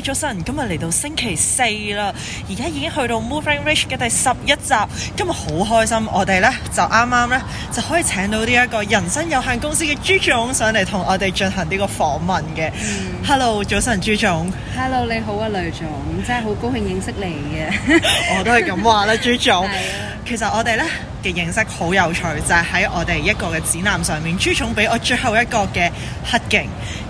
早晨，今日嚟到星期四啦，而家已經去到 Moving Reach 嘅第十一集，今日好開心，我哋呢就啱啱呢就可以請到呢一個人生有限公司嘅朱總上嚟同我哋進行呢個訪問嘅。嗯、Hello，早晨，朱總。Hello，你好啊，雷總，真係好高興認識你嘅。 我都係咁話啦，朱總。 啊、其實我哋呢嘅認識好有趣，就係、是、喺我哋一個嘅指南上面，朱總俾我最後一個嘅黑鏡。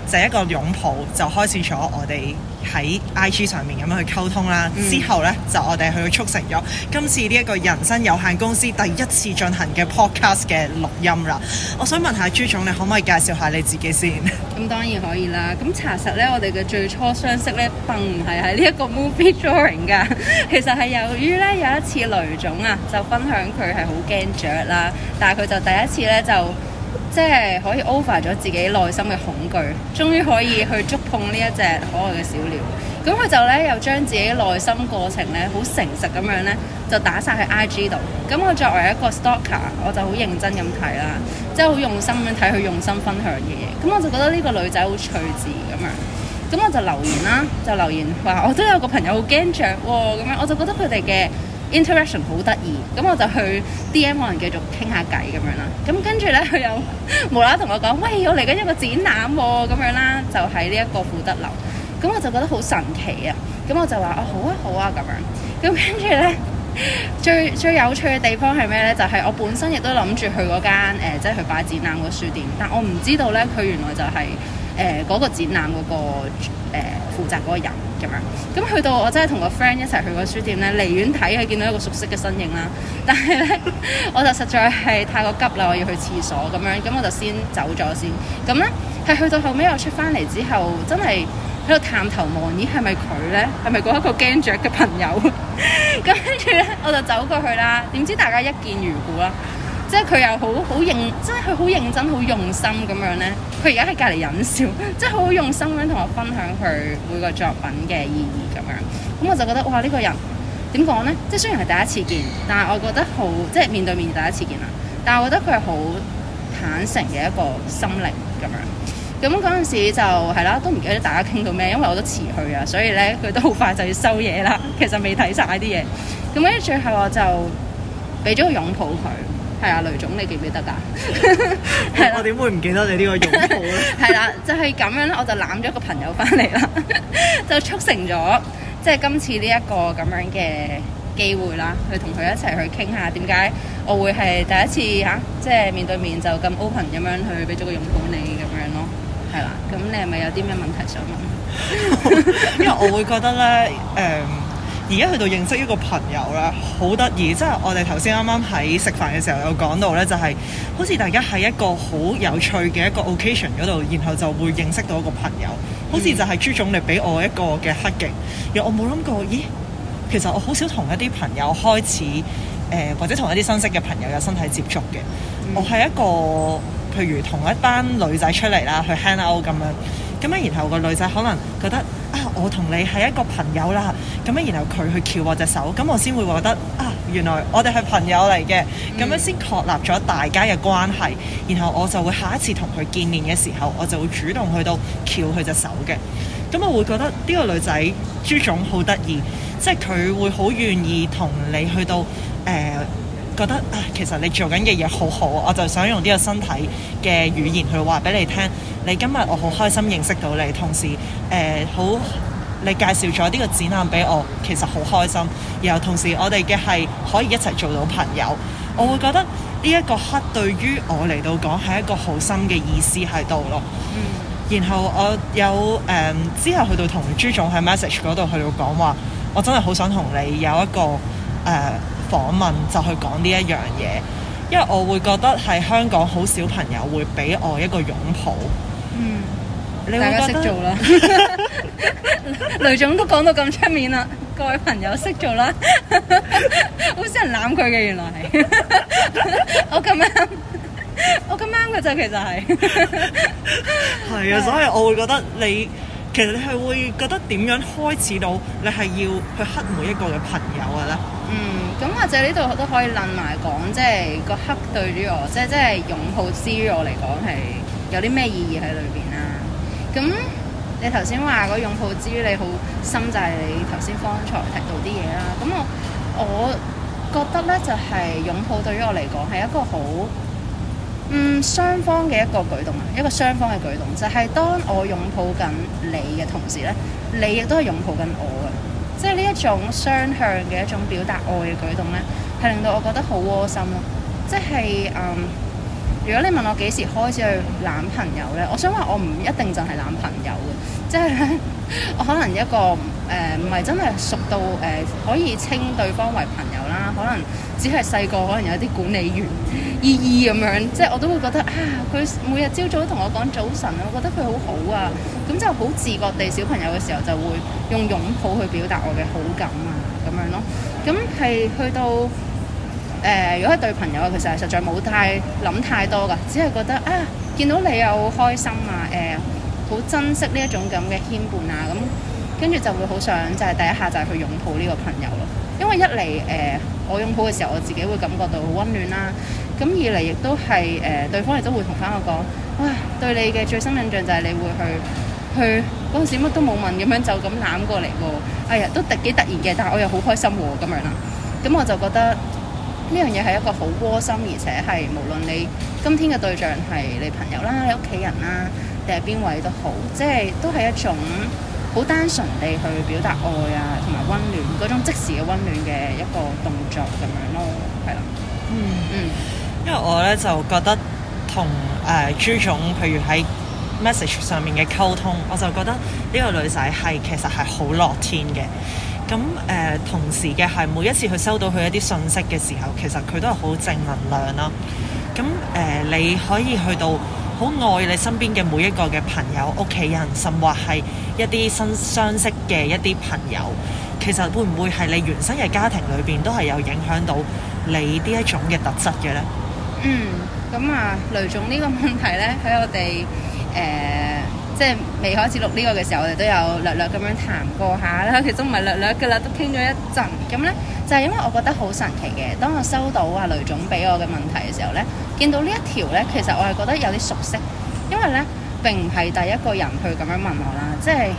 就一個擁抱就開始咗，我哋喺 IG 上面咁樣去溝通啦。嗯、之後呢，就我哋去促成咗今次呢一個人生有限公司第一次進行嘅 podcast 嘅錄音啦。我想問下朱總，你可唔可以介紹下你自己先？咁、嗯、當然可以啦。咁查實呢，我哋嘅最初相識呢，並唔係喺呢一個 moving drawing 㗎。 其實係由於呢有一次雷總啊，就分享佢係好驚雀啦，但係佢就第一次呢就。即係可以 over 咗自己內心嘅恐懼，終於可以去觸碰呢一隻可愛嘅小鳥。咁佢就咧又將自己內心過程咧，好誠實咁樣咧，就打晒去 IG 度。咁我作為一個 stalker，我就好認真咁睇啦，即係好用心咁睇佢用心分享嘅嘢。咁我就覺得呢個女仔好趣致咁樣。咁我就留言啦，就留言話我都有個朋友好驚雀喎。咁樣我就覺得佢哋嘅。Interaction 好得意，咁我就去 DM 可能繼續傾下偈咁樣啦。咁跟住咧，佢又無啦啦同我講：喂，我嚟緊一個展覽喎、啊，咁樣啦，就喺呢一個富德樓。咁我就覺得好神奇啊！咁我就話：啊、哦，好啊，好啊，咁樣。咁跟住咧，最最有趣嘅地方係咩咧？就係、是、我本身亦都諗住去嗰間即係去擺展覽嗰書店，但我唔知道咧，佢原來就係、是。誒嗰個展覽嗰個誒負責嗰個人咁樣，咁去到我真係同個 friend 一齊去個書店咧，離遠睇係見到一個熟悉嘅身影啦。但係咧，我就實在係太過急啦，我要去廁所咁樣，咁我就先走咗先。咁咧，係去到後尾我出翻嚟之後，真係喺度探頭望，咦係咪佢咧？係咪嗰一個驚著嘅朋友？咁跟住咧，我就走過去啦。點知大家一見如故啦！即係佢又好好認，即係佢好認真、好用心咁樣咧。佢而家喺隔離忍笑，即係好用心咁樣同我分享佢每個作品嘅意義咁樣。咁我就覺得哇呢個人點講呢？即係雖然係第一次見，但係我覺得好即係面對面第一次見啦。但係我覺得佢係好坦誠嘅一個心靈咁樣。咁嗰陣時就係啦，都唔記得大家傾到咩，因為我都遲去啊，所以咧佢都好快就要收嘢啦。其實未睇晒啲嘢，咁咧最後我就俾咗個擁抱佢。係啊，雷總，你記唔記得㗎？我點會唔記得你呢個擁抱咧？係 啦，就係、是、咁樣我就攬咗個朋友翻嚟啦， 就促成咗即係今次呢一個咁樣嘅機會啦，去同佢一齊去傾下點解我會係第一次吓，即、啊、係、就是、面對面就咁 open 咁樣去俾咗個擁抱你咁樣咯，係 啦。咁你係咪有啲咩問題想問？ 因為我會覺得咧，誒、呃。而家去到認識一個朋友啦，好得意！即係我哋頭先啱啱喺食飯嘅時候有講到呢，就係好似大家喺一個好有趣嘅一個 occasion 嗰度，然後就會認識到一個朋友。嗯、好似就係朱總理俾我一個嘅黑嘅，我冇諗過，咦？其實我好少同一啲朋友開始誒、呃，或者同一啲新識嘅朋友有身體接觸嘅。嗯、我係一個譬如同一班女仔出嚟啦，去 hang out 咁樣，咁樣然後個女仔可能覺得啊、哎，我同你係一個朋友啦。咁然後佢去撬我隻手，咁我先會覺得啊，原來我哋係朋友嚟嘅，咁樣先確立咗大家嘅關係，然後我就會下一次同佢見面嘅時候，我就會主動去到撬佢隻手嘅。咁我會覺得呢個女仔朱總好得意，即係，佢會好願意同你去到誒、呃、覺得啊，其實你做緊嘅嘢好好，我就想用呢個身體嘅語言去話俾你聽，你今日我好開心認識到你，同時誒好。呃你介紹咗呢個展覽俾我，其實好開心，然後同時我哋嘅係可以一齊做到朋友，我會覺得呢一個刻對於我嚟到講係一個好深嘅意思喺度咯。然後我有誒、嗯、之後去到同朱總喺 message 嗰度去到講話，我真係好想同你有一個誒、呃、訪問，就去講呢一樣嘢，因為我會覺得喺香港好少朋友會俾我一個擁抱。嗯，你會覺得，大家識做啦。 雷總都講到咁出面啦，各位朋友識做啦，好 少人攬佢嘅原來係， 我咁啱，我咁啱嘅就其實係，係 啊，所以我會覺得你，其實你係會覺得點樣開始到你係要去黑每一個嘅朋友嘅咧？嗯，咁或者呢度都可以論埋講，即係個黑對於我，即係即係擁抱之於我嚟講係有啲咩意義喺裏邊啦，咁。你頭先話個擁抱之於你好深，就係你頭先方才提到啲嘢啦。咁我我覺得咧，就係擁抱對於我嚟講係一個好嗯雙方嘅一個舉動啊，一個雙方嘅舉動，就係當我擁抱緊你嘅同時咧，你亦都係擁抱緊我嘅，即係呢一種雙向嘅一種表達愛嘅舉動咧，係令到我覺得好窩心咯。即係嗯，如果你問我幾時開始去攬朋友咧，我想話我唔一定就係攬朋友嘅。即係、就是、我可能一個誒唔係真係熟到誒、呃、可以稱對方為朋友啦，可能只係細個可能有啲管理員意義咁樣，即、就、係、是、我都會覺得啊，佢每日朝早同我講早晨，我覺得佢好好啊，咁就好自覺地小朋友嘅時候就會用擁抱去表達我嘅好感啊咁樣咯，咁係去到誒、呃、如果係對朋友，其實係實在冇太諗太多噶，只係覺得啊見到你又好開心啊誒。呃好珍惜呢一種咁嘅牽絆啊，咁跟住就會好想就係第一下就係去擁抱呢個朋友咯。因為一嚟誒、呃、我擁抱嘅時候，我自己會感覺到好温暖啦、啊。咁二嚟亦都係誒對方亦都會同翻我講哇，對你嘅最深印象就係你會去去嗰陣時乜都冇問咁樣就咁攬過嚟喎、啊。哎呀，都特幾突然嘅，但係我又好開心喎、啊、咁樣啦、啊。咁我就覺得呢樣嘢係一個好窩心，而且係無論你今天嘅對象係你朋友啦、你屋企人啦。定係邊位都好，即係都係一種好單純地去表達愛啊，同埋温暖嗰種即時嘅温暖嘅一個動作咁樣咯，係啦。嗯嗯，因為我咧就覺得同誒、呃、朱總，譬如喺 message 上面嘅溝通，我就覺得呢個女仔係其實係好樂天嘅。咁誒、呃，同時嘅係每一次佢收到佢一啲訊息嘅時候，其實佢都係好正能量啦。咁誒、呃，你可以去到。好愛你身邊嘅每一個嘅朋友、屋企人，甚或係一啲新相識嘅一啲朋友，其實會唔會係你原生嘅家庭裏邊都係有影響到你呢一種嘅特質嘅呢？嗯，咁啊，雷總呢個問題呢，喺我哋誒。呃即係未開始錄呢個嘅時候，我哋都有略略咁樣談過下啦。其實唔係略略噶啦，都傾咗一陣。咁咧就係、是、因為我覺得好神奇嘅。當我收到啊雷總俾我嘅問題嘅時候咧，見到一條呢一條咧，其實我係覺得有啲熟悉，因為咧並唔係第一個人去咁樣問我啦。即係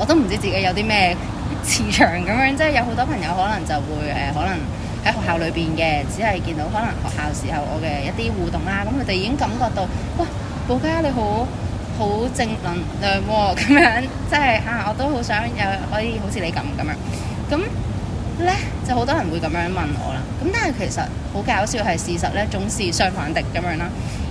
我都唔知自己有啲咩磁場咁樣。即係有好多朋友可能就會誒、呃，可能喺學校裏邊嘅，只係見到可能學校時候我嘅一啲互動啦。咁佢哋已經感覺到，哇，寶嘉你好。好正能量喎，咁樣即係啊，我都好想有可以好似你咁咁樣。咁咧就好多人會咁樣問我啦。咁但係其實好搞笑係事實咧，總是相反的咁樣啦。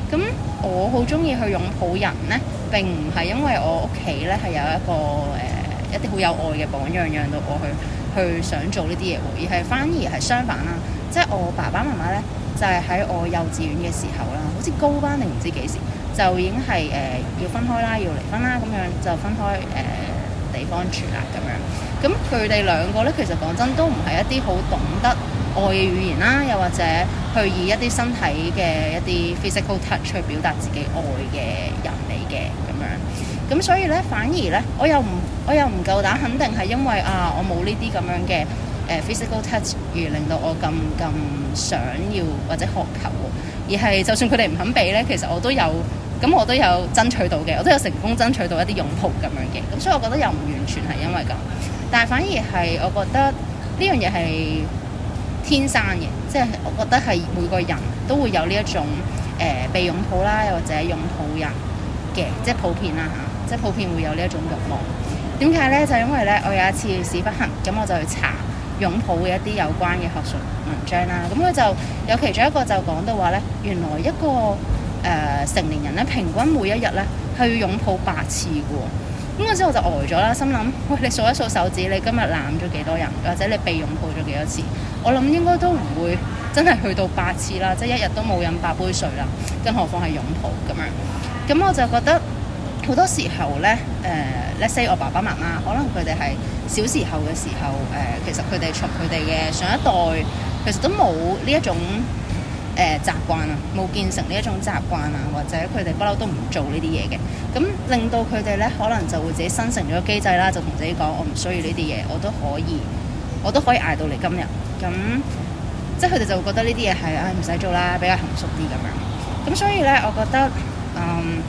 咁我好中意去擁抱人咧，並唔係因為我屋企咧係有一個誒、呃、一啲好有愛嘅榜樣，讓到我去去想做呢啲嘢喎，而係反而係相反啦。即係我爸爸媽媽咧，就係、是、喺我幼稚園嘅時候啦，好似高班定唔知幾時。就已經係誒、呃、要分開啦，要離婚啦，咁樣就分開誒、呃、地方住啦，咁樣。咁佢哋兩個咧，其實講真都唔係一啲好懂得愛嘅語言啦，又或者去以一啲身體嘅一啲 physical touch 去表達自己愛嘅人嚟嘅，咁樣。咁所以咧，反而咧，我又唔我又唔夠膽肯定係因為啊，我冇呢啲咁樣嘅誒、呃、physical touch 而令到我咁咁想要或者渴求，而係就算佢哋唔肯俾咧，其實我都有。咁我都有爭取到嘅，我都有成功爭取到一啲擁抱咁樣嘅，咁所以我覺得又唔完全係因為咁，但係反而係我覺得呢樣嘢係天生嘅，即係我覺得係每個人都會有呢一種誒、呃、被擁抱啦，又或者擁抱人嘅，即係普遍啦吓、啊，即係普遍會有呢一種欲望。點解呢？就因為呢，我有一次屎忽痕，咁我就去查擁抱嘅一啲有關嘅學術文章啦。咁佢就有其中一個就講到話呢，原來一個誒、呃、成年人咧，平均每一日咧，係要擁抱八次嘅。咁嗰陣時我就呆咗啦，心諗喂，你數一數手指，你今日攬咗幾多人，或者你被擁抱咗幾多次？我諗應該都唔會真係去到八次啦，即係一日都冇飲八杯水啦，更何況係擁抱咁樣。咁我就覺得好多時候咧，誒、呃、let's say 我爸爸媽媽，可能佢哋係小時候嘅時候，誒、呃，其實佢哋從佢哋嘅上一代，其實都冇呢一種。誒、呃、習慣啊，冇建成呢一種習慣啊，或者佢哋不嬲都唔做呢啲嘢嘅，咁令到佢哋呢，可能就會自己生成咗機制啦，就同自己講：我唔需要呢啲嘢，我都可以，我都可以捱到你今日。咁即係佢哋就會覺得呢啲嘢係唉唔使做啦，比較含蓄啲咁樣。咁所以呢，我覺得嗯，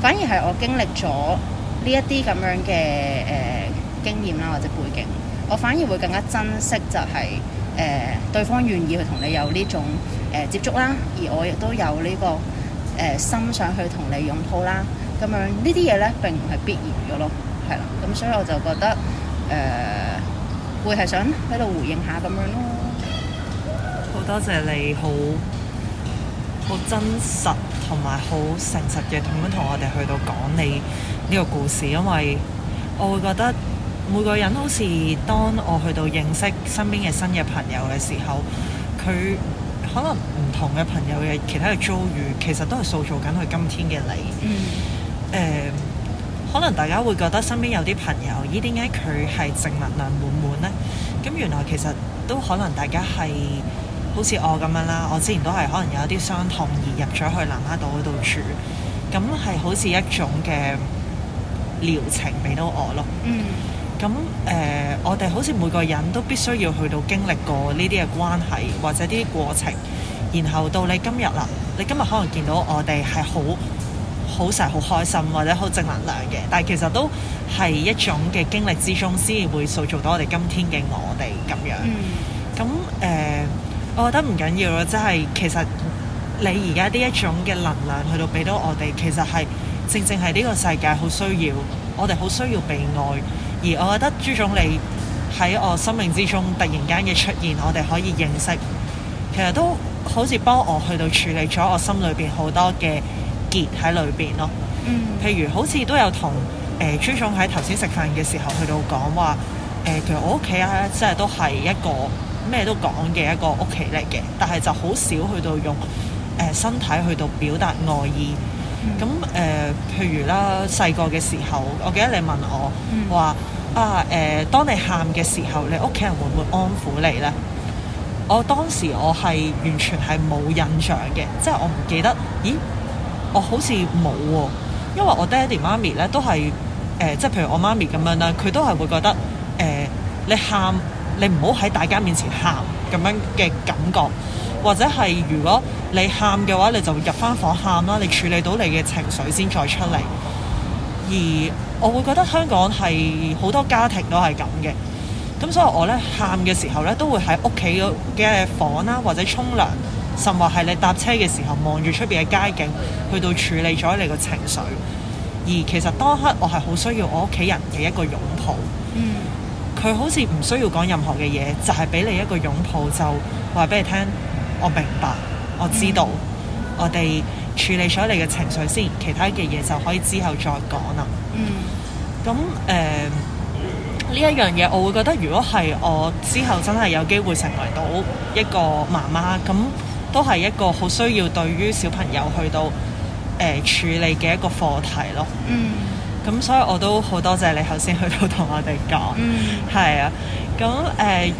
反而係我經歷咗呢一啲咁樣嘅誒、呃、經驗啦，或者背景，我反而會更加珍惜就係、是。誒、呃、對方願意去同你有呢種誒、呃、接觸啦，而我亦都有呢、這個誒、呃、心想去同你擁抱啦，咁樣呢啲嘢咧並唔係必然嘅咯，係啦，咁、嗯、所以我就覺得誒、呃、會係想喺度回應下咁樣咯。好多謝你，好好真實同埋好誠實嘅同樣同我哋去到講你呢個故事，因為我會覺得。每個人好似當我去到認識身邊嘅新嘅朋友嘅時候，佢可能唔同嘅朋友嘅其他嘅遭遇，其實都係塑造緊佢今天嘅你。誒、嗯呃，可能大家會覺得身邊有啲朋友，咦，點解佢係正能量滿滿呢？咁原來其實都可能大家係好似我咁樣啦。我之前都係可能有一啲傷痛而入咗去南丫島度住，咁係好似一種嘅療程俾到我咯。嗯。咁誒、呃，我哋好似每個人都必須要去到經歷過呢啲嘅關係或者啲過程，然後到你今日啦，你今日可能見到我哋係好好成日好開心或者好正能量嘅，但係其實都係一種嘅經歷之中，先至會塑造到我哋今天嘅我哋咁樣。咁誒、嗯呃，我覺得唔緊要咯，即、就、係、是、其實你而家呢一種嘅能量去到俾到我哋，其實係正正係呢個世界好需要，我哋好需要被愛。而我覺得朱總理喺我生命之中突然間嘅出現，我哋可以認識，其實都好似幫我去到處理咗我心裏邊好多嘅結喺裏邊咯。嗯、譬如好似都有同誒、呃、朱總喺頭先食飯嘅時候去到講話，誒其實我屋企呀即係都係一個咩都講嘅一個屋企嚟嘅，但係就好少去到用誒、呃、身體去到表達愛意。咁誒、嗯呃，譬如啦，細個嘅時候，我記得你問我話、嗯、啊，誒、呃，「當你喊嘅時候，你屋企人會唔會安撫你呢？」我當時我係完全係冇印象嘅，即係我唔記得，咦？我好似冇喎，因為我爹哋媽咪呢都係誒，即、呃、係譬如我媽咪咁樣啦，佢都係會覺得誒、呃，你喊，你唔好喺大家面前喊咁樣嘅感覺。或者係，如果你喊嘅話，你就入翻房喊啦。你處理到你嘅情緒先，再出嚟。而我會覺得香港係好多家庭都係咁嘅。咁所以，我呢，喊嘅時候呢，都會喺屋企嘅房啦，或者沖涼，甚或係你搭車嘅時候望住出邊嘅街景，去到處理咗你個情緒。而其實當刻我係好需要我屋企人嘅一個擁抱。佢、嗯、好似唔需要講任何嘅嘢，就係、是、俾你一個擁抱就，就話俾你聽。我明白，我知道，嗯、我哋處理咗你嘅情緒先，其他嘅嘢就可以之後再講啦。嗯，咁誒，呢、呃、一樣嘢我會覺得，如果係我之後真係有機會成為到一個媽媽，咁都係一個好需要對於小朋友去到誒、呃、處理嘅一個課題咯。嗯，咁所以我都好多謝你頭先去到同我哋講。嗯，係啊，咁誒，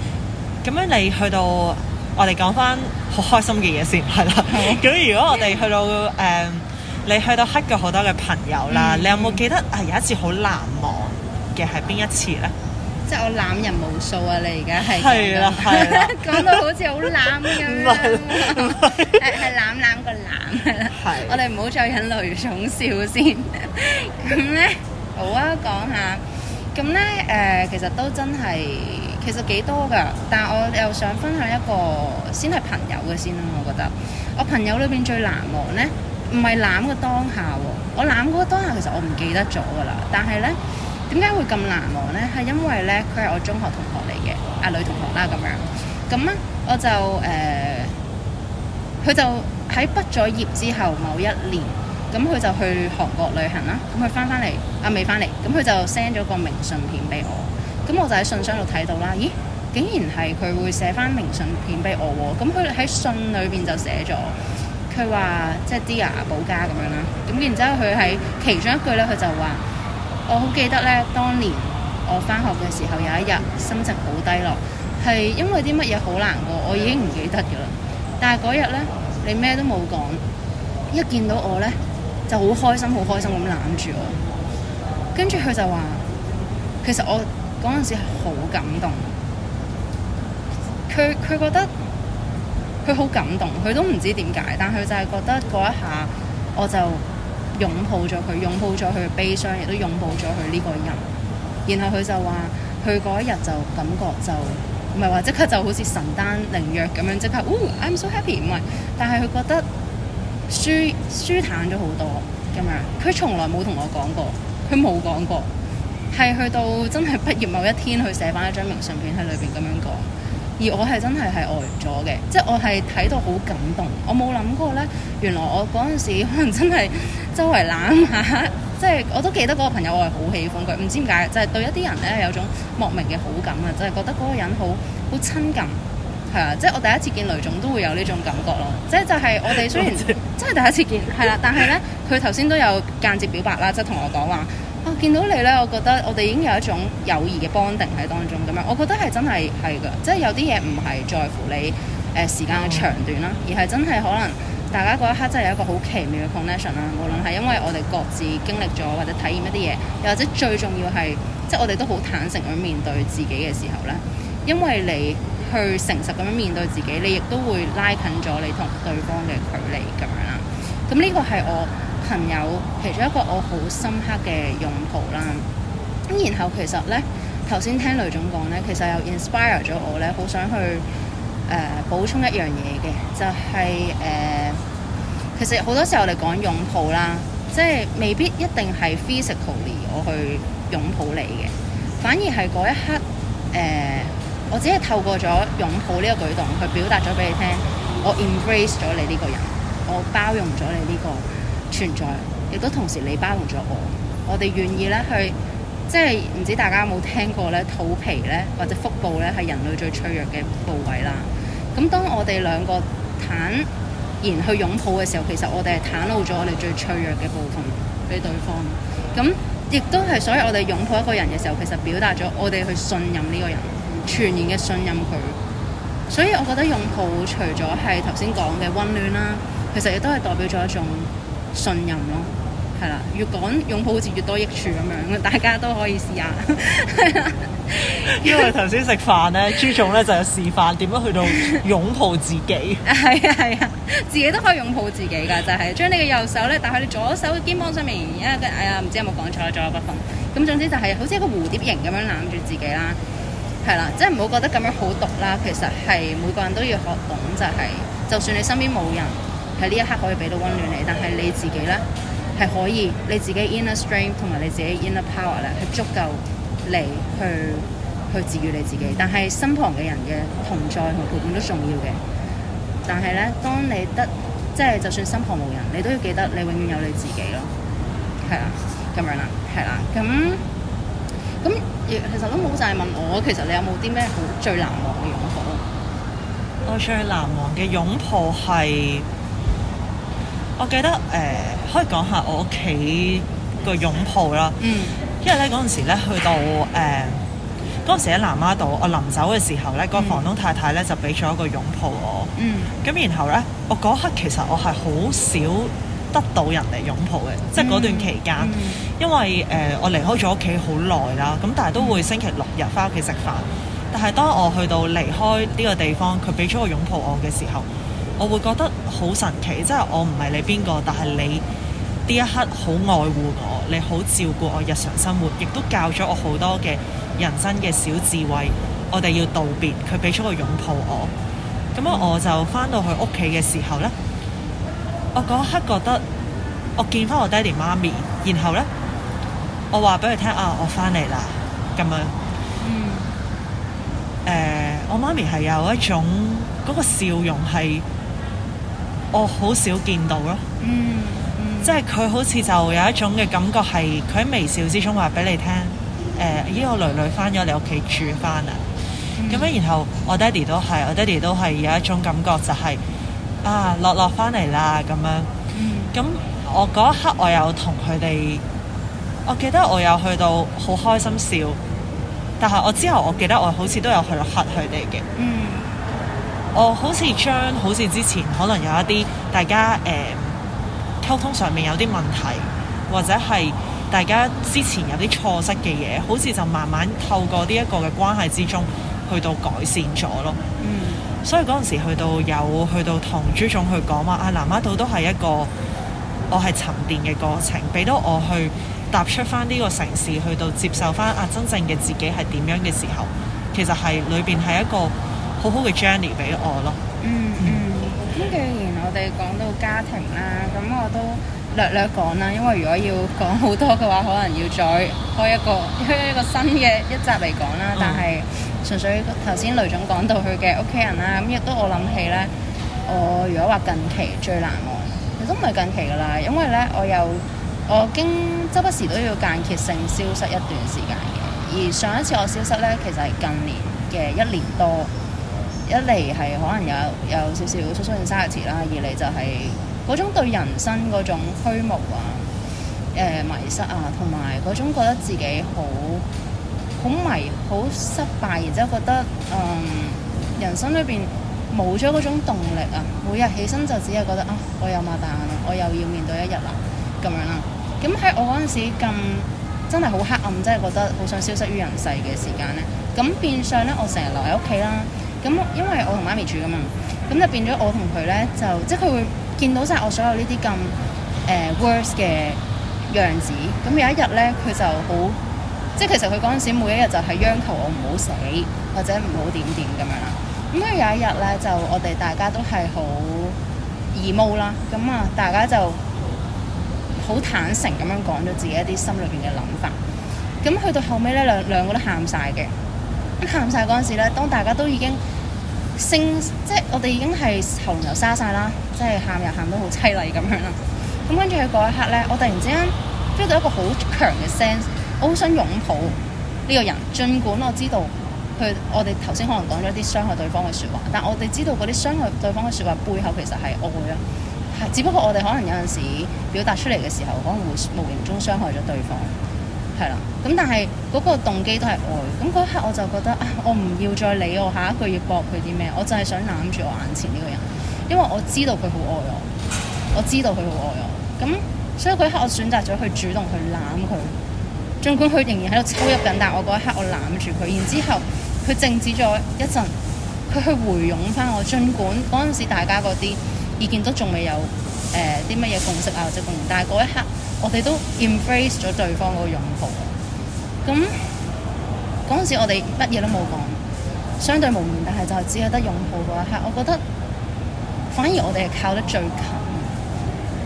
咁、呃、樣你去到。我哋講翻好開心嘅嘢先，係啦。咁 如果我哋去到，誒、um,，你去到識咗好多嘅朋友啦，嗯、你有冇記得啊？有一次好難忘嘅係邊一次咧？即係我攬人無數啊！你而家係係啦，係講到好似好攬咁樣，係攬攬個攬啦。係， 的我哋唔好再引雷總笑先。咁 咧，好啊，講下。咁咧，誒，其實都真係。其實幾多噶，但係我又想分享一個先係朋友嘅先啦，我覺得我朋友裏邊最難忘呢，唔係攬嘅當下，我攬嗰個當下其實我唔記得咗噶啦。但係呢，點解會咁難忘呢？係因為呢，佢係我中學同學嚟嘅啊，女同學啦咁樣。咁呢，我就誒，佢、呃、就喺畢咗業之後某一年，咁佢就去韓國旅行啦。咁佢翻返嚟，啊未翻嚟，咁佢就 send 咗個明信片俾我。咁我就喺信箱度睇到啦，咦，竟然係佢會寫翻明信片俾我喎。咁佢喺信裏邊就寫咗，佢話即係 Dear 保家咁樣啦。咁然之後佢喺其中一句咧，佢就話：我好記得咧，當年我翻學嘅時候有一日，心情好低落，係因為啲乜嘢好難過，我已經唔記得噶啦。但係嗰日咧，你咩都冇講，一見到我咧就好開心，好開心咁攬住我。跟住佢就話：其實我。嗰陣時好感，感動，佢佢覺得佢好感動，佢都唔知點解，但佢就係覺得嗰一下，我就擁抱咗佢，擁抱咗佢嘅悲傷，亦都擁抱咗佢呢個人。然後佢就話：佢嗰一日就感覺就唔係話即刻就好似神丹靈藥咁樣，即刻，Oh，I'm so happy，唔係。但係佢覺得舒舒坦咗好多咁樣。佢從來冇同我講過，佢冇講過。係去到真係畢業某一天，去寫翻一張明信片喺裏邊咁樣講。而我係真係係呆咗嘅，即係我係睇到好感動。我冇諗過呢，原來我嗰陣時可能真係周圍攬下，即係我都記得嗰個朋友，我係好喜歡佢。唔知點解就係對一啲人呢，有種莫名嘅好感啊，就係覺得嗰個人好好親近係啊。即係我第一次見雷總都會有呢種感覺咯。即係就係我哋雖然真係第一次見，係啦，但係呢，佢頭先都有間接表白啦，即係同我講話。見到你咧，我覺得我哋已經有一種友誼嘅 bonding 喺當中咁樣，我覺得係真係係噶，即係有啲嘢唔係在乎你誒、呃、時間嘅長短啦，而係真係可能大家嗰一刻真係有一個好奇妙嘅 connection 啦。無論係因為我哋各自經歷咗或者體驗一啲嘢，又或者最重要係即係我哋都好坦誠咁面對自己嘅時候咧，因為你去誠實咁樣面對自己，你亦都會拉近咗你同對方嘅距離咁樣啦。咁呢個係我朋友，其中一個我好深刻嘅擁抱啦。咁然後其實呢，頭先聽雷總講呢，其實又 inspire 咗我呢，好想去誒、呃、補充一樣嘢嘅，就係、是、誒、呃、其實好多時候我哋講擁抱啦，即係未必一定係 physically 我去擁抱你嘅，反而係嗰一刻誒、呃，我只係透過咗擁抱呢個舉動去表達咗俾你聽，我 embrace 咗你呢個人，我包容咗你呢、這個。存在，亦都同時，你包容咗我。我哋願意咧去，即係唔知大家有冇聽過咧，肚皮咧或者腹部咧係人類最脆弱嘅部位啦。咁當我哋兩個坦然去擁抱嘅時候，其實我哋係袒露咗我哋最脆弱嘅部分俾對方。咁亦都係所以我哋擁抱一個人嘅時候，其實表達咗我哋去信任呢個人，全然嘅信任佢。所以，我覺得擁抱除咗係頭先講嘅溫暖啦，其實亦都係代表咗一種。信任咯，係啦，越講擁抱好似越多益處咁樣，大家都可以試下。 因為頭先食飯咧，朱總咧就係示範點樣去到擁抱自己。係啊係啊，自己都可以擁抱自己㗎，就係、是、將你嘅右手咧搭喺你左手嘅肩膀上面，而家哎呀唔知有冇講錯，左右不分。咁總之就係好似一個蝴蝶形咁樣攬住自己啦，係啦，即係唔好覺得咁樣好毒啦。其實係每個人都要學懂就係、是，就算你身邊冇人。喺呢一刻可以俾到溫暖你，但係你自己咧係可以你自己 inner strength 同埋你自己 inner power 咧，係足夠嚟去去治癒你自己。但係身旁嘅人嘅同在同陪伴都重要嘅。但係咧，當你得即係就算身旁冇人，你都要記得你永遠有你自己咯。係啦，咁樣啦，係啦，咁咁亦其實都冇曬問我，其實你有冇啲咩好最難忘嘅擁抱？我最難忘嘅擁抱係～我記得誒、呃，可以講下我屋企個擁抱啦。嗯，因為咧嗰陣時咧去到誒，嗰、呃、陣時喺南丫島，我臨走嘅時候咧，個房東太太咧就俾咗一個擁抱我。嗯，咁然後咧，我嗰刻其實我係好少得到人嚟擁抱嘅，嗯、即係嗰段期間，嗯嗯、因為誒、呃、我離開咗屋企好耐啦。咁但係都會星期六日翻屋企食飯。但係當我去到離開呢個地方，佢俾咗個擁抱我嘅時候，我會覺得好神奇，即係我唔係你邊個，但係你呢一刻好愛護我，你好照顧我日常生活，亦都教咗我好多嘅人生嘅小智慧。我哋要道別，佢畀咗個擁抱我。咁樣我就返到去屋企嘅時候呢，我嗰一刻覺得我見返我爹哋媽咪，然後呢，我話畀佢聽啊，我返嚟啦，咁樣。嗯。呃，我媽咪係有一種嗰個笑容係。我好少見到咯，嗯，嗯，即係佢好似就有一種嘅感覺係，佢喺微笑之中話俾你聽，誒、嗯，咦、呃，我女女翻咗你屋企住翻啦，咁、嗯、樣，然後我爹哋都係，我爹哋都係有一種感覺就係、是，啊，樂樂翻嚟啦，咁樣，咁、嗯、我嗰一刻我有同佢哋，我記得我有去到好開心笑，但係我之後我記得我好似都有去到嚇佢哋嘅，嗯。我、oh, 好似將好似之前可能有一啲大家誒、uh, 溝通上面有啲問題，或者係大家之前有啲錯失嘅嘢，好似就慢慢透過呢一個嘅關係之中，去到改善咗咯。嗯，mm. 所以嗰陣時去到有去到同朱總去講話啊，南丫島都係一個我係沉澱嘅過程，俾到我去踏出翻呢個城市，去到接受翻啊真正嘅自己係點樣嘅時候，其實係裏邊係一個。好好嘅 journey 俾我咯。嗯嗯，咁既然我哋講到家庭啦，咁我都略略講啦。因為如果要講好多嘅話，可能要再開一個開一個新嘅一集嚟講啦。但係純粹頭先雷總講到佢嘅屋企人啦，咁亦都我諗起咧。我如果話近期最難忘，其實唔係近期噶啦，因為咧我又我經周不時都要間歇性消失一段時間嘅。而上一次我消失咧，其實係近年嘅一年多。一嚟係可能有有少少出出現三詞啦，二嚟就係嗰種對人生嗰種虛無啊、誒、呃、迷失啊，同埋嗰種覺得自己好好迷好失敗，然之後覺得嗯人生裏邊冇咗嗰種動力啊，每日起身就只係覺得啊，我又擘大眼啦我又要面對一日啦，咁樣啦。咁喺我嗰陣時咁真係好黑暗，真係覺得好想消失於人世嘅時間咧。咁變相咧，我成日留喺屋企啦。咁因為我同媽咪住㗎嘛，咁就變咗我同佢咧，就即係佢會見到晒我所有呢啲咁誒 worst 嘅樣子。咁有一日咧，佢就好，即係其實佢嗰陣時每一日就係央求我唔好死，或者唔好點點咁樣啦。咁佢有一日咧，就我哋大家都係好二毛啦。咁啊，大家就好坦誠咁樣講咗自己一啲心裏邊嘅諗法。咁去到後尾咧，兩兩個都喊晒嘅，喊晒嗰陣時咧，當大家都已經～聲，即係我哋已經係喉嚨又沙晒啦，即係喊又喊到好淒厲咁樣啦。咁跟住佢嗰一刻咧，我突然之間 feel 到一個好強嘅 sense：我好想擁抱呢個人。儘管我知道佢，我哋頭先可能講咗啲傷害對方嘅說話，但我哋知道嗰啲傷害對方嘅說話背後其實係愛啊。只不過我哋可能有陣時表達出嚟嘅時候，可能會無形中傷害咗對方。係啦，咁、嗯、但係嗰個動機都係愛，咁、嗯、嗰一刻我就覺得，啊、我唔要再理我下一句要駁佢啲咩，我就係想攬住我眼前呢個人，因為我知道佢好愛我，我知道佢好愛我，咁、嗯、所以嗰一刻我選擇咗去主動去攬佢，儘管佢仍然喺度抽泣緊，但係我嗰一刻我攬住佢，然之後佢靜止咗一陣，佢去回擁翻我，儘管嗰陣時大家嗰啲意見都仲未有誒啲乜嘢共識啊，或者共，但係嗰一刻。我哋都 embrace 咗對方嗰個擁抱，咁嗰陣時我哋乜嘢都冇講，相對無言，但係就係只係得擁抱嗰一刻，我覺得反而我哋係靠得最近，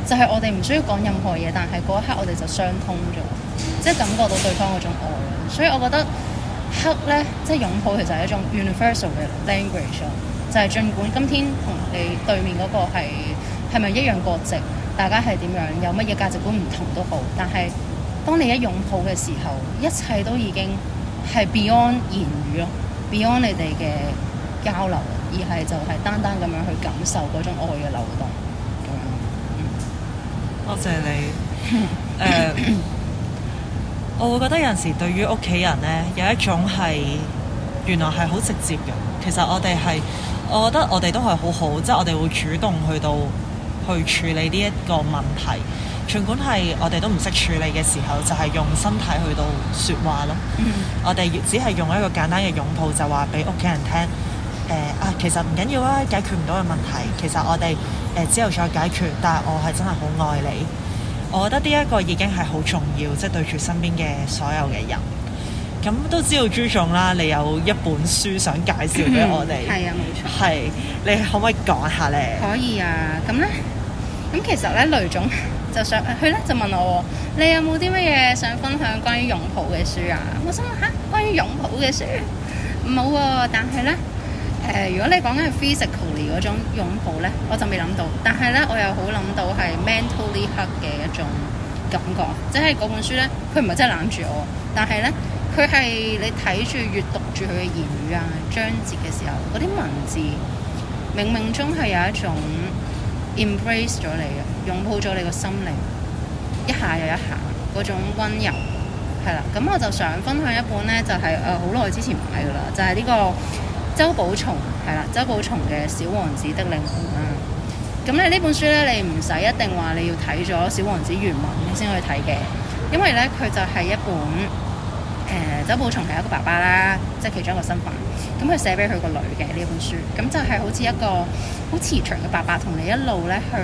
就係我哋唔需要講任何嘢，但係嗰一刻我哋就相通咗，即係感覺到對方嗰種愛。所以，我覺得刻咧，即係擁抱其實係一種 universal 嘅 language 咯，就係儘管今天同你對面嗰個係係咪一樣國籍。大家係點樣？有乜嘢價值觀唔同都好，但係當你一擁抱嘅時候，一切都已經係 beyond 言語咯，beyond 你哋嘅交流，而係就係單單咁樣去感受嗰種愛嘅流動。嗯，多謝你。誒， uh, 我會覺得有陣時對於屋企人呢，有一種係原來係好直接嘅。其實我哋係，我覺得我哋都係好好，即係我哋會主動去到。去處理呢一個問題，儘管係我哋都唔識處理嘅時候，就係、是、用身體去到説話咯。嗯、我哋只係用一個簡單嘅擁抱，就話俾屋企人聽。呃啊、其實唔緊要啊，解決唔到嘅問題，其實我哋、呃、之後再解決。但係我係真係好愛你。我覺得呢一個已經係好重要，即、就、係、是、對住身邊嘅所有嘅人。咁都知道朱總啦，你有一本書想介紹俾我哋，係、嗯啊、你可唔可以講下呢？可以啊，咁咧？咁其實咧，雷總就上佢咧就問我，你有冇啲乜嘢想分享關於擁抱嘅書啊？我想問下關於擁抱嘅書，冇，但係咧，誒、呃，如果你講緊係 physically 嗰種擁抱咧，我就未諗到。但係咧，我又好諗到係 mental 呢刻嘅一種感覺，即係嗰本書咧，佢唔係真係攬住我，但係咧，佢係你睇住閱讀住佢嘅言語啊章節嘅時候，嗰啲文字冥冥中係有一種。Embrace 咗你嘅，擁抱咗你個心靈，一下又一下嗰種溫柔，係啦。咁我就想分享一本呢，就係誒好耐之前買噶啦，就係呢個周保松係啦，周保松嘅《小王子的領悟》啊。咁咧呢本書呢，你唔使一定話你要睇咗《小王子》原文先可以睇嘅，因為呢，佢就係一本。周保松係一個爸爸啦，即係其中一個身份。咁佢寫俾佢個女嘅呢本書，咁就係好似一個好慈祥嘅爸爸同你一路咧去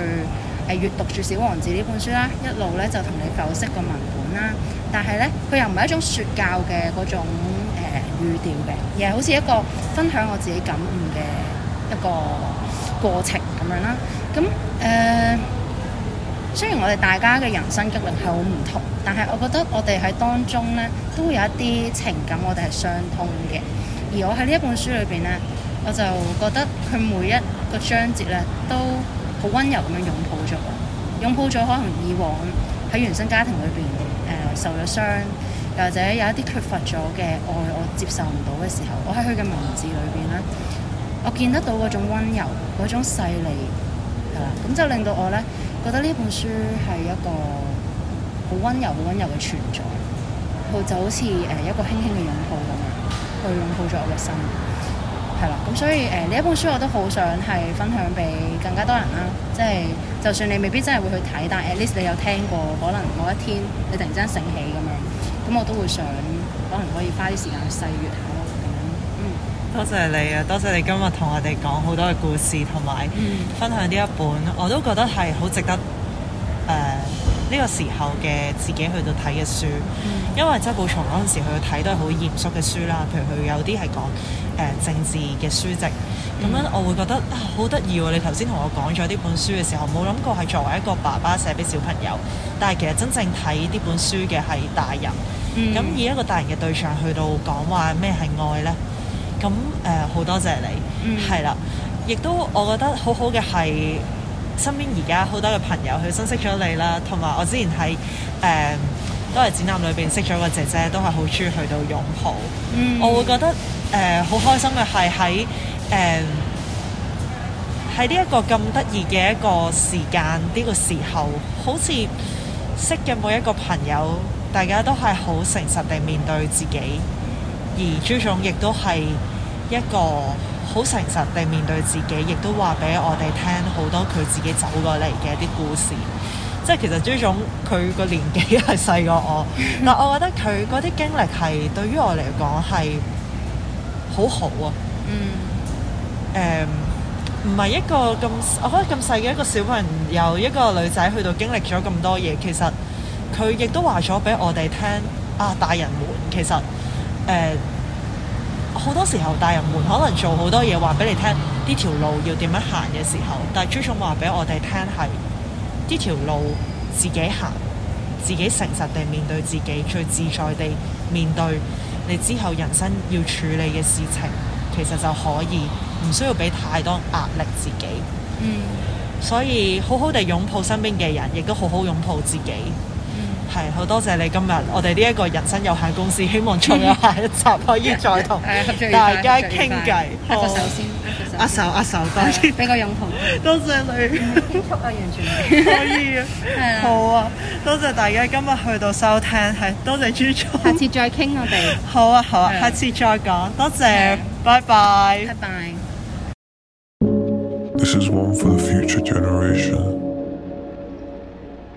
誒閱、啊、讀住《小王子》呢本書啦，一路咧就同你剖析個文本啦。但係咧佢又唔係一種說教嘅嗰種誒、呃、語調嘅，而係好似一個分享我自己感悟嘅一個過程咁樣啦。咁誒。呃雖然我哋大家嘅人生經歷係好唔同，但係我覺得我哋喺當中呢都會有一啲情感，我哋係相通嘅。而我喺呢一本書裏邊呢，我就覺得佢每一個章節呢都好温柔咁樣擁抱咗，擁抱咗可能以往喺原生家庭裏邊誒受咗傷，又或者有一啲缺乏咗嘅愛，我接受唔到嘅時候，我喺佢嘅文字裏邊呢，我見得到嗰種温柔，嗰種細膩，係啦，咁就令到我呢。覺得呢本書係一個好温柔、好温柔嘅存在，佢就好似誒一個輕輕嘅擁抱咁樣去擁抱咗我嘅心，係啦。咁所以誒呢一本書我都好想係分享俾更加多人啦，即係就算你未必真係會去睇，但 at least 你有聽過，可能某一天你突然之間醒起咁樣，咁我都會想可能可以花啲時間去細閱下。多謝你啊！多謝你今日同我哋講好多嘅故事，同埋分享呢一本，我都覺得係好值得誒呢、呃呢個時候嘅自己去到睇嘅書。嗯、因為周保松嗰陣時去睇都係好嚴肅嘅書啦，譬如佢有啲係講誒政治嘅書籍。咁樣、嗯、我會覺得好得意喎！你頭先同我講咗呢本書嘅時候，冇諗過係作為一個爸爸寫俾小朋友，但係其實真正睇呢本書嘅係大人。咁、嗯、以一個大人嘅對象去到講話咩係愛呢？咁誒好多謝你，係啦、嗯，亦都我覺得好好嘅係身邊而家好多嘅朋友去，佢珍惜咗你啦，同埋我之前喺誒、呃、都係展覽裏邊識咗個姐姐，都係好鍾意去到擁抱。嗯、我會覺得誒好、呃、開心嘅係喺誒喺呢一個咁得意嘅一個時間，呢、呢個時候好似識嘅每一個朋友，大家都係好誠實地面對自己，而朱總亦都係。一個好誠實地面對自己，亦都話俾我哋聽好多佢自己走過嚟嘅一啲故事。即係其實朱總佢個年紀係細過我，嗱 我覺得佢嗰啲經歷係對於我嚟講係好好啊。嗯，誒唔係一個咁我可以咁細嘅一個小朋友，一個女仔去到經歷咗咁多嘢，其實佢亦都話咗俾我哋聽啊，大人們其實誒。Uh, 好多時候，大人們可能做好多嘢話俾你聽，呢條路要點樣行嘅時候，但係朱總話俾我哋聽係：呢條路自己行，自己誠實地面對自己，最自在地面對你之後人生要處理嘅事情，其實就可以唔需要俾太多壓力自己。嗯，所以好好地擁抱身邊嘅人，亦都好好擁抱自己。係好、嗯、多謝你今日，我哋呢一個人生有限公司，希望仲有下一集可以再同大家傾偈。握手先，握手握手，多謝。比較認同。多謝你。專注得完全可以。係好啊，多謝大家今日去到收聽，係多謝朱總。下次再傾我哋。好啊，好啊，下次再講。多謝，拜拜。拜拜。